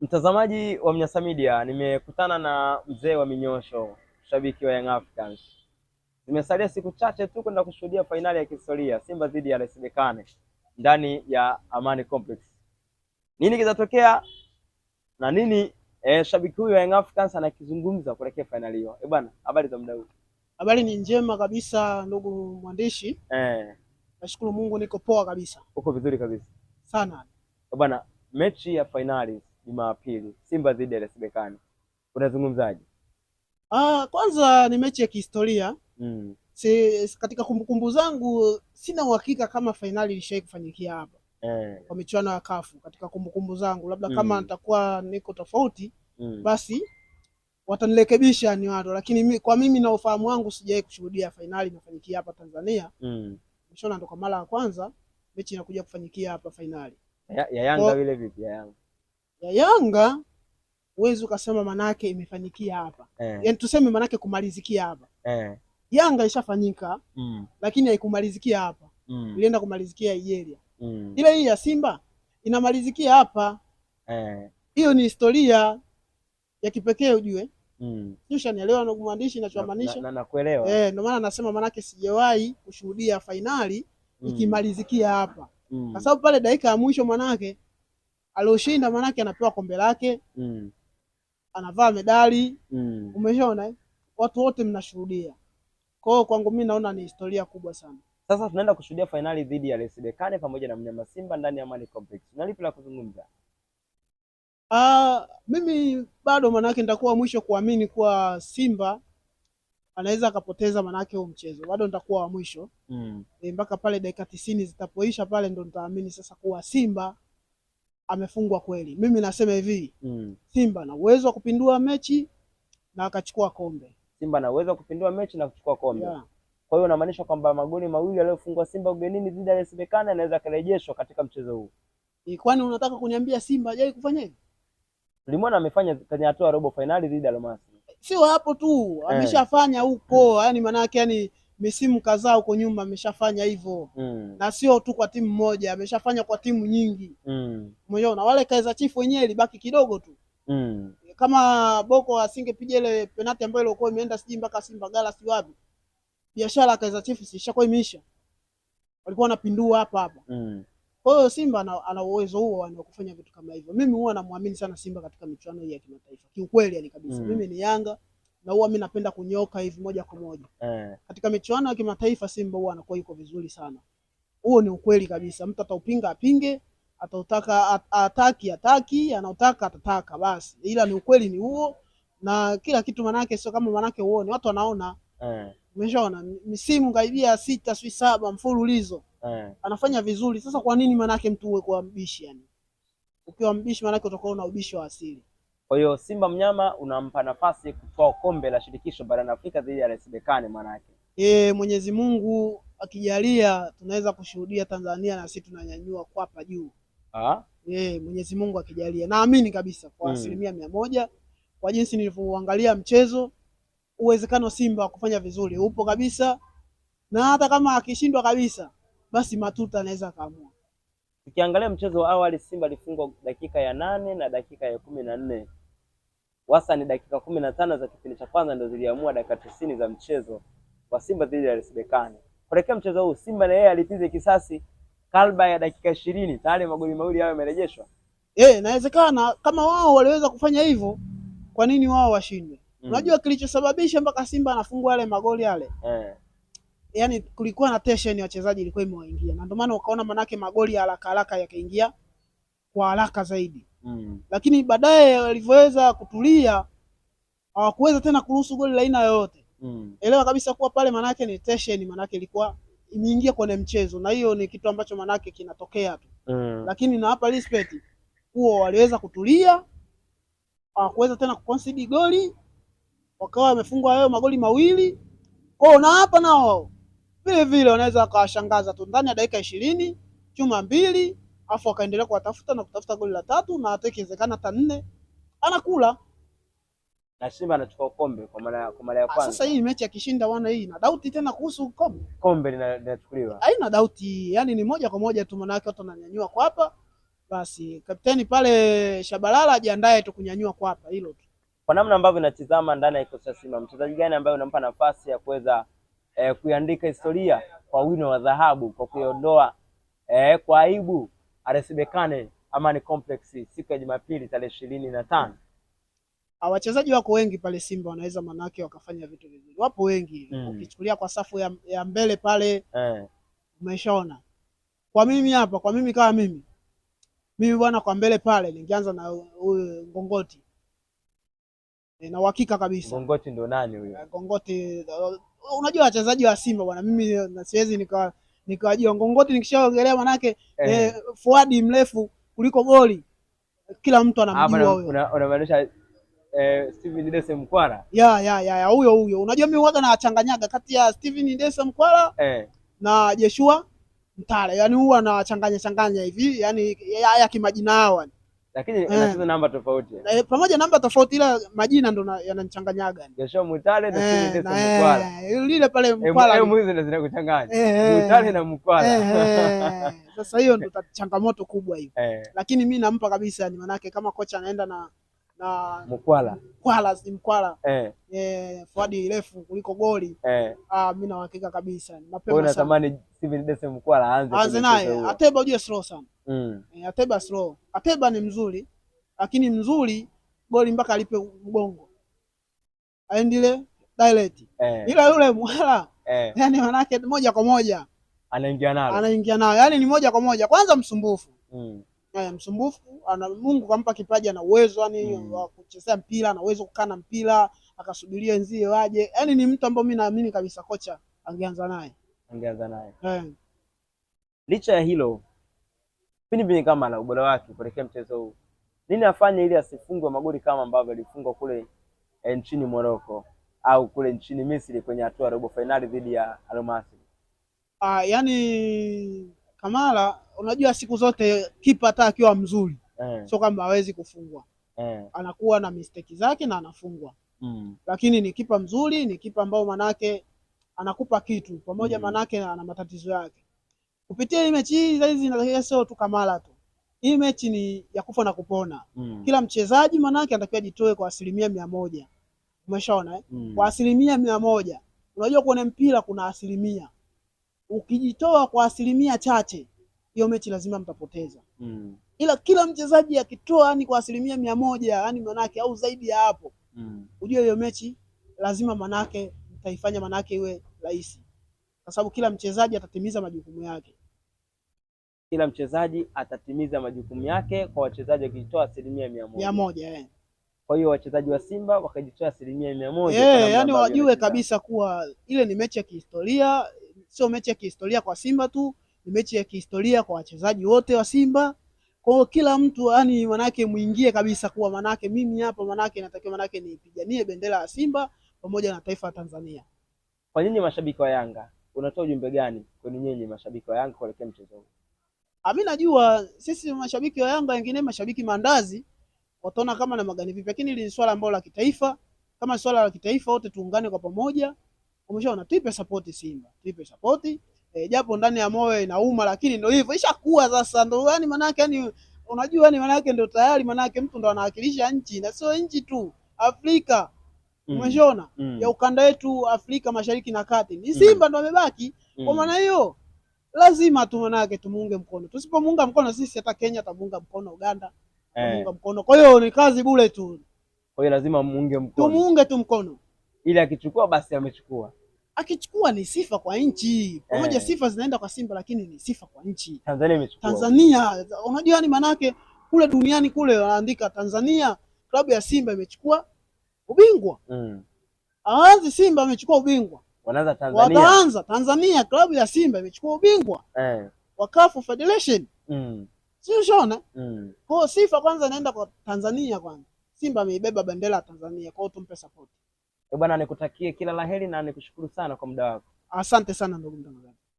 Mtazamaji wa Mnyasa Media, nimekutana na mzee wa minyosho, shabiki wa Young Africans. Nimesalia siku chache tu kwenda kushuhudia fainali ya kihistoria Simba dhidi ya RS Berkane ndani ya Amani Complex. Nini kitatokea na nini eh, shabiki huyu wa Young Africans anakizungumza kuelekea fainali hiyo? Eh bwana, habari za muda huu? Habari ni njema kabisa ndugu mwandishi. Eh. Nashukuru Mungu niko poa kabisa. Uko vizuri kabisa. Sana. Eh bwana, mechi ya fainali Jumapili, Simba dhidi ya RS Berkane, unazungumzaje? Ah, kwanza ni mechi ya kihistoria mm. Si, katika kumbukumbu zangu sina uhakika kama fainali ilishawahi kufanyikia hapa eh, kwa michuano ya kafu katika kumbukumbu zangu labda mm. Kama nitakuwa niko tofauti mm. basi watanirekebisha ni watu, lakini mi, kwa mimi na ufahamu wangu sijawahi kushuhudia fainali inafanyikia hapa Tanzania mm. Mshona ndo kwa mara ya kwanza mechi inakuja kufanyikia hapa fainali ya, ya Yanga vile vipi ya Yanga ya Yanga uwezi ukasema manake imefanikia hapa eh. Yani tuseme manake kumalizikia hapa eh. Yanga ishafanyika mm. Lakini haikumalizikia hapa mm. Ilienda kumalizikia Nigeria mm. Ile hii ya Simba inamalizikia hapa eh. hiyo eh. Ni historia ya kipekee ujue mm. Ushanielewa na mwandishi ninachomaanisha? na, na, na, eh, maana nasema manake sijawahi kushuhudia fainali mm. ikimalizikia hapa mm. Kwa sababu pale dakika ya mwisho manake alioshinda maanake anapewa kombe lake mm. anavaa medali mm. Umeshaona, eh? watu wote mnashuhudia. kwao kwangu mi naona ni historia kubwa sana. Sasa tunaenda kushuhudia fainali dhidi ya RS Berkane pamoja na mnyama Simba ndani ya Amani Complex. Na lipi la kuzungumza? Ah, mimi bado manake nitakuwa mwisho kuamini kuwa Simba anaweza akapoteza manake huo mchezo, bado nitakuwa wa mwisho mm. E, mpaka pale dakika 90 zitapoisha pale ndo nitaamini sasa kuwa Simba amefungwa kweli. Mimi nasema hivi mm. Simba na uwezo wa kupindua mechi na akachukua kombe. Simba na uwezo wa kupindua mechi na kuchukua kombe yeah. Kwa hiyo unamaanisha kwamba magoli mawili aliyofungwa Simba ugenini dhidi ya Lesekana anaweza akarejeshwa katika mchezo huu? Kwani unataka kuniambia Simba hajai kufanya hivi? Limona amefanya kwenye hatua robo fainali dhidi ya Almasi, sio hapo tu ameshafanya eh. huko mm. yani maana yake yani misimu kadhaa huko nyuma ameshafanya hivyo mm. na sio tu kwa timu moja, ameshafanya kwa timu nyingi mm. Umeona wale Kaizer Chiefs wenyewe ilibaki kidogo tu mm. kama Boko asingepiga ile penalti ambayo ilikuwa imeenda sijui mpaka Simba Gala si wapi, biashara ya Kaizer Chiefs ishakuwa imeisha, walikuwa wanapindua hapa hapa mm. Kwa hiyo Simba ana uwezo huo wa kufanya vitu kama hivyo. Mimi huwa namwamini sana Simba katika michuano hii ya kimataifa kiukweli, yani kabisa mm. mimi ni Yanga na huwa mimi napenda kunyoka hivi moja kwa moja eh. Katika michuano ya kimataifa Simba huwa anakuwa yuko vizuri sana. Huo ni ukweli kabisa, mtu ataupinga apinge, atautaka at, ataki ataki, anaotaka atataka basi, ila ni ukweli ni huo, na kila kitu manake sio kama manake uone watu wanaona eh. Umeshaona misimu karibia sita swi saba mfululizo eh. Anafanya vizuri sasa, kwa nini manake mtu uwe kwa mbishi yani? Ukiwa mbishi manake utakuwa una ubishi wa asili kwa hiyo Simba mnyama unampa nafasi kutoa kombe la shirikisho barani Afrika dhidi ya RS Berkane. mwanake. yake Mwenyezi Mungu akijalia, tunaweza kushuhudia Tanzania na sisi tunanyanyua kwapa juu. Yeye, Mwenyezi Mungu akijalia, naamini kabisa kwa hmm. asilimia mm. mia moja kwa jinsi nilivyoangalia mchezo, uwezekano Simba wa kufanya vizuri upo kabisa, na hata kama akishindwa kabisa, basi Matuta anaweza akaamua. Ukiangalia mchezo wa awali Simba alifungwa dakika ya nane na dakika ya kumi na nne Wasani dakika kumi na tano za kipindi cha kwanza ndio ziliamua dakika tisini za mchezo wa Simba dhidi ya RS Berkane. Kuelekea mchezo huu Simba na yeye alipize kisasi kalba ya dakika ishirini tayari magoli mawili hayo yamerejeshwa. Eh, inawezekana kama wao waliweza kufanya hivyo, kwa nini wao washindwe? Mm. Unajua kilichosababisha mpaka Simba anafungwa yale magoli yale. Eh. Yaani kulikuwa na tension ya wachezaji ilikuwa imewaingia. Na ndio maana ukaona manake magoli ya haraka haraka yakaingia kwa haraka zaidi mm. Lakini baadaye walivyoweza kutulia hawakuweza tena kuruhusu goli la aina yoyote mm. Elewa kabisa kuwa pale manake ni tension, manake ilikuwa imeingia kwenye mchezo na hiyo ni kitu ambacho manake kinatokea tu mm. Lakini na hapa respect huo waliweza kutulia, hawakuweza tena kuconcede goli, wakawa wamefungwa hayo magoli mawili kwao, na hapa nao vile vile wanaweza wakawashangaza tu ndani ya dakika ishirini chuma mbili afu akaendelea kuwatafuta na kutafuta goli la tatu na hata ikiwezekana hata nne anakula na Simba anachukua kombe kwa mara kwa mara ya ah, kwanza. Sasa hii mechi akishinda wana hii na doubt tena kuhusu kombe. Kombe linachukuliwa. Haina doubt, yani ni moja kwa moja tu manake watu wananyanyua kwa hapa. Basi kapteni pale Shabalala ajiandae tu kunyanyua kwa hapa hilo tu. Kwa namna ambavyo inatizama ndani ya kikosi cha Simba, mchezaji gani ambaye unampa nafasi ya kuweza eh, kuiandika historia kwa wino wa dhahabu kwa kuiondoa eh, kwa aibu RS Berkane Amani Complex siku ya Jumapili tarehe ishirini na tano. Ah, wachezaji wako wengi pale Simba wanaweza manake wakafanya vitu vizuri, wapo wengi mm. Ukichukulia kwa safu ya, ya mbele pale eh. Umeshaona kwa mimi hapa, kwa mimi kama mimi mimi bwana, kwa mbele pale ningeanza na huyu Ngongoti e, na uhakika kabisa Ngongoti ndio nani huyo? Eh, Ngongoti unajua wachezaji wa Simba bwana, mimi siwezi nikawa nikawajua ngongoti nikishaogelea, manake eh. eh, fuadi mrefu kuliko goli, kila mtu anamjua ah, Unamaanisha eh, Steven Dese Mkwara? Ya, ya, ya, huyo huyo. Unajua mimi huwaga nawachanganyaga kati ya Steven Dese Mkwara eh, na Jeshua Mtale, yaani huwa nawachanganya changanya hivi, yani haya ya kimajina hawa lakini eh, anacheza namba tofauti eh, pamoja namba tofauti, ila majina ndo yananichanganyaga Joshua Mutale na eh, eh Mkwala lile pale Mkwala, hiyo mwizi ndo zinakuchanganya eh, eh. Mutale na Mkwala. Sasa hiyo ndo changamoto kubwa hiyo e. Lakini mi nampa kabisa, ni manake kama kocha anaenda na na Mkwala Mkwala si Mkwala eh, eh Fuadi refu kuliko goli eh. Ah, mimi na uhakika kabisa, mapema sana. Unatamani Steven Dese Mkwala aanze aanze naye, ateba ujue slow sana Mm. E, Ateba slow. Ateba ni mzuri lakini mzuri goli mpaka alipe mgongo aendile direct eh. Ila yule mwala eh. Yani manake moja kwa moja anaingia nalo, anaingia nayo, yani ni moja kwa moja. Kwanza msumbufu mm. E, msumbufu ana, Mungu kampa kipaji, ana uwezo yani mm. wa kuchezea mpira, ana uwezo kukaa na mpira akasubiria wenzie waje, yani ni mtu ambaye mimi naamini kabisa kocha angeanza naye, angeanza naye eh. Licha ya hilo Vipindi vingi kama na ubora wake kuelekea mchezo huu. Nini afanye ili asifungwe magoli kama ambavyo alifungwa kule eh, nchini Morocco au kule nchini Misri kwenye hatua robo fainali dhidi ya Al Masry? Ah, yani Kamara, unajua siku zote kipa hata akiwa mzuri eh, sio kwamba hawezi kufungwa eh, anakuwa na mistake zake na anafungwa mm, lakini ni kipa mzuri, ni kipa ambao manake anakupa kitu pamoja, mm, manake ana matatizo yake kupitia hii mechi hii zaidi inatakiwa sio tu Kamara tu, hii mechi ni ya kufa na kupona mm. Kila mchezaji manake anatakiwa jitoe kwa asilimia mia moja umeshaona eh? mm. kwa asilimia mia moja unajua kuona mpira kuna asilimia, ukijitoa kwa asilimia chache hiyo mechi lazima mtapoteza mm. Ila kila mchezaji akitoa ni yaani kwa asilimia mia moja yani manake au zaidi ya hapo mm. Ujue hiyo mechi lazima manake mtaifanya manake iwe rahisi kwa sababu kila mchezaji atatimiza majukumu yake. Kila mchezaji atatimiza majukumu yake kwa wachezaji wakijitoa asilimia mia moja mia moja eh. Kwa hiyo wachezaji wa Simba wakajitoa asilimia mia moja eh, yani wajue kabisa kuwa ile ni mechi ya kihistoria. Sio mechi ya kihistoria kwa Simba tu, ni mechi ya kihistoria kwa wachezaji wote wa Simba. Kwa hiyo kila mtu yani, manake muingie kabisa kuwa manake mimi hapa, manake natakiwa, manake nipiganie bendera ya Simba pamoja na taifa la Tanzania. Kwa nini mashabiki wa Yanga unatoa ujumbe gani kwenu nyinyi mashabiki wa Yanga kuelekea mchezo huu? Ah, mimi najua sisi mashabiki wa Yanga, wengine mashabiki mandazi wataona kama na magani vipi, lakini ni swala ambalo la kitaifa. Kama swala la kitaifa, wote tuungane kwa pamoja. Umeshaona, tuipe support Simba, tuipe support e, japo ndani ya moyo inauma, lakini ndio hivyo, ishakuwa sasa. Ndio yani maana yake yani, unajua yani maana yake ndio tayari, maana yake mtu ndo anawakilisha nchi na sio nchi tu Afrika mm. umeshaona mm. ya ukanda wetu Afrika Mashariki na Kati ni mm. Simba mm. ndo amebaki mm. kwa maana hiyo lazima tu tumuunge mkono, tusipomuunga mkono sisi hata Kenya tamuunga mkono, Uganda tamuunga eh. mkono. Kwa hiyo ni kazi bure tu, kwa hiyo lazima muunge mkono, tumuunge tu mkono, ili akichukua basi amechukua akichukua ni sifa kwa nchi pamoja eh. Sifa zinaenda kwa Simba lakini ni sifa kwa nchi Tanzania imechukua. Tanzania unajua, ni maanake kule duniani kule wanaandika Tanzania klabu ya Simba imechukua ubingwa mm. Aanzi Simba amechukua ubingwa, wanaanza Tanzania, wataanza Tanzania, klabu ya Simba imechukua ubingwa eh. wa CAF Federation mm. sio shona mm. Kwa sifa kwanza inaenda kwa Tanzania kwanza, Simba ameibeba bendera ya Tanzania, kwa hiyo tumpe support. E bwana, nikutakie kila laheri na nikushukuru sana kwa muda wako. Asante sana ndugu mtangazaji.